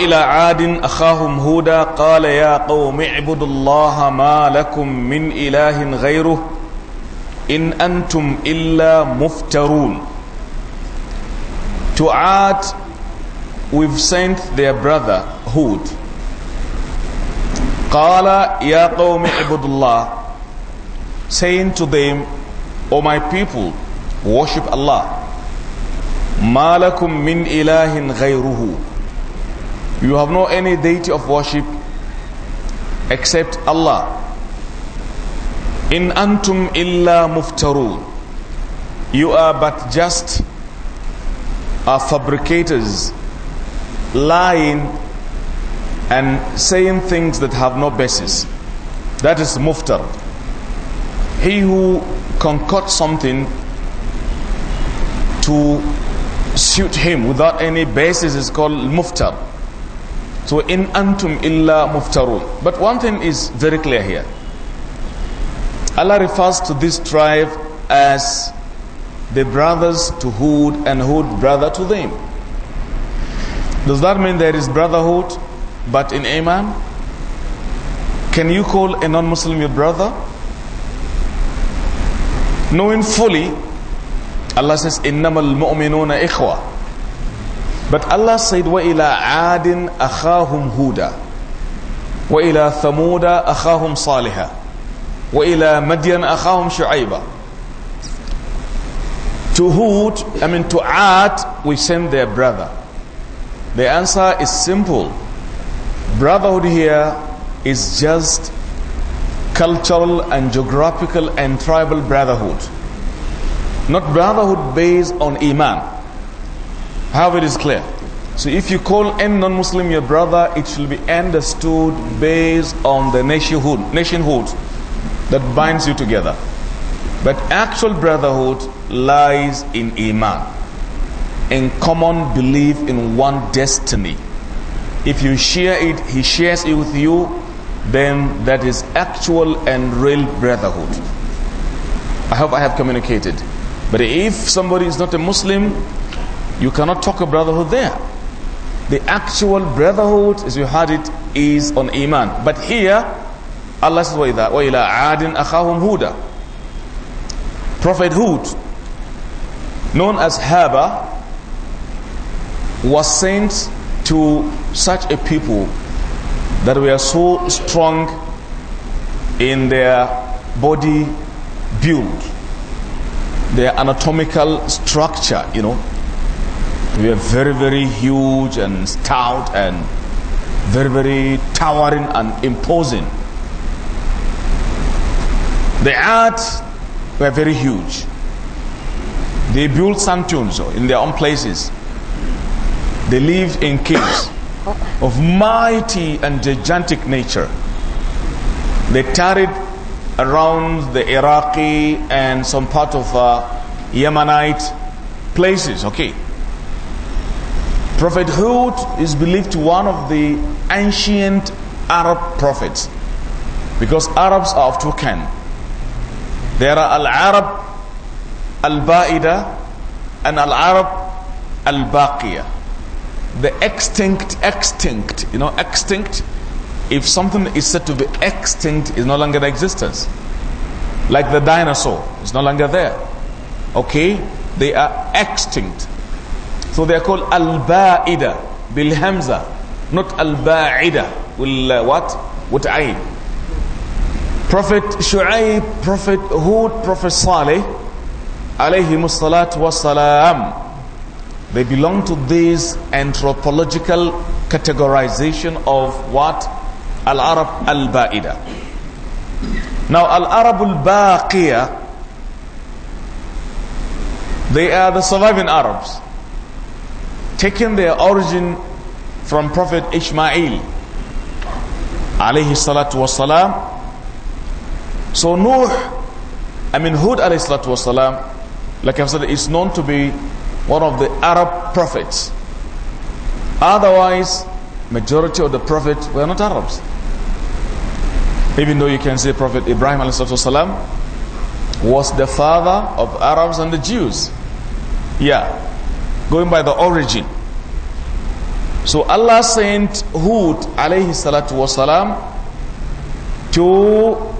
إلى عاد أخاهم هودا قال يا قوم اعبدوا الله ما لكم من إله غيره إن أنتم إلا مفترون To Ad we've sent their brother Hud قال يا قوم اعبد الله saying to them O my people worship Allah ما لكم من إله غيره You have no any deity of worship except Allah. In antum illa muftarun. You are but just are uh, fabricators lying and saying things that have no basis. That is muftar. He who concocts something to suit him without any basis is called muftar. So in antum illa muftarun. But one thing is very clear here. Allah refers to this tribe as the brothers to Hud and Hud brother to them. Does that mean there is brotherhood but in Iman? Can you call a non-Muslim your brother? Knowing fully, Allah says, إِنَّمَا الْمُؤْمِنُونَ إِخْوَةً but Allah said, وَإِلَىٰ عَادٍ أَخَاهُمْ هُودًا وَإِلَىٰ ثَمُودَ أَخَاهُمْ صَالِحًا وَإِلَىٰ مَدْيَنَ أَخَاهُمْ شُعَيْبًا To Hud, I mean to Ad, we send their brother. The answer is simple. Brotherhood here is just cultural and geographical and tribal brotherhood. Not brotherhood based on Iman however it is clear. So if you call any non-Muslim your brother, it should be understood based on the nationhood, nationhood that binds you together. But actual brotherhood lies in Iman, in common belief in one destiny. If you share it, he shares it with you, then that is actual and real brotherhood. I hope I have communicated. But if somebody is not a Muslim, you cannot talk of brotherhood there. The actual brotherhood, as you heard it, is on Iman. But here, Allah says, وَإِذَا وَإِلَىٰ عَادٍ أَخَاهُمْ هُودًا Prophet Hud, known as Haba, was sent to such a people that were so strong in their body build, their anatomical structure, you know, we are very, very huge and stout and very, very towering and imposing. The earth were very huge. They built sanctuaries in their own places. They lived in caves of mighty and gigantic nature. They tarried around the Iraqi and some part of uh, Yemenite places. Okay, Prophet Hud is believed to one of the ancient Arab prophets because Arabs are of two There are Al-Arab Al-Ba'ida and Al-Arab Al-Baqiyah. The extinct, extinct, you know, extinct, if something is said to be extinct, is no longer in existence. Like the dinosaur, it's no longer there. Okay? They are extinct. So they are called al-ba'ida bil hamza, not al-ba'ida What? Uh, what? With ayn. Prophet Shu'aib, Prophet Hud, Prophet Saleh, alayhi wa wasalam. They belong to this anthropological categorization of what? Al-Arab al-ba'ida. Now al-Arab al-baqiyah, they are the surviving Arabs taken their origin from Prophet Ishmael alayhi salatu wasalam. So Nuh, I mean Hud alayhi salatu wasalam, like I've said, is known to be one of the Arab prophets. Otherwise, majority of the prophets were not Arabs. Even though you can say Prophet Ibrahim alayhi salatu wasalam was the father of Arabs and the Jews. Yeah, going by the origin. So Allah sent Hud alayhi salatu wasalam to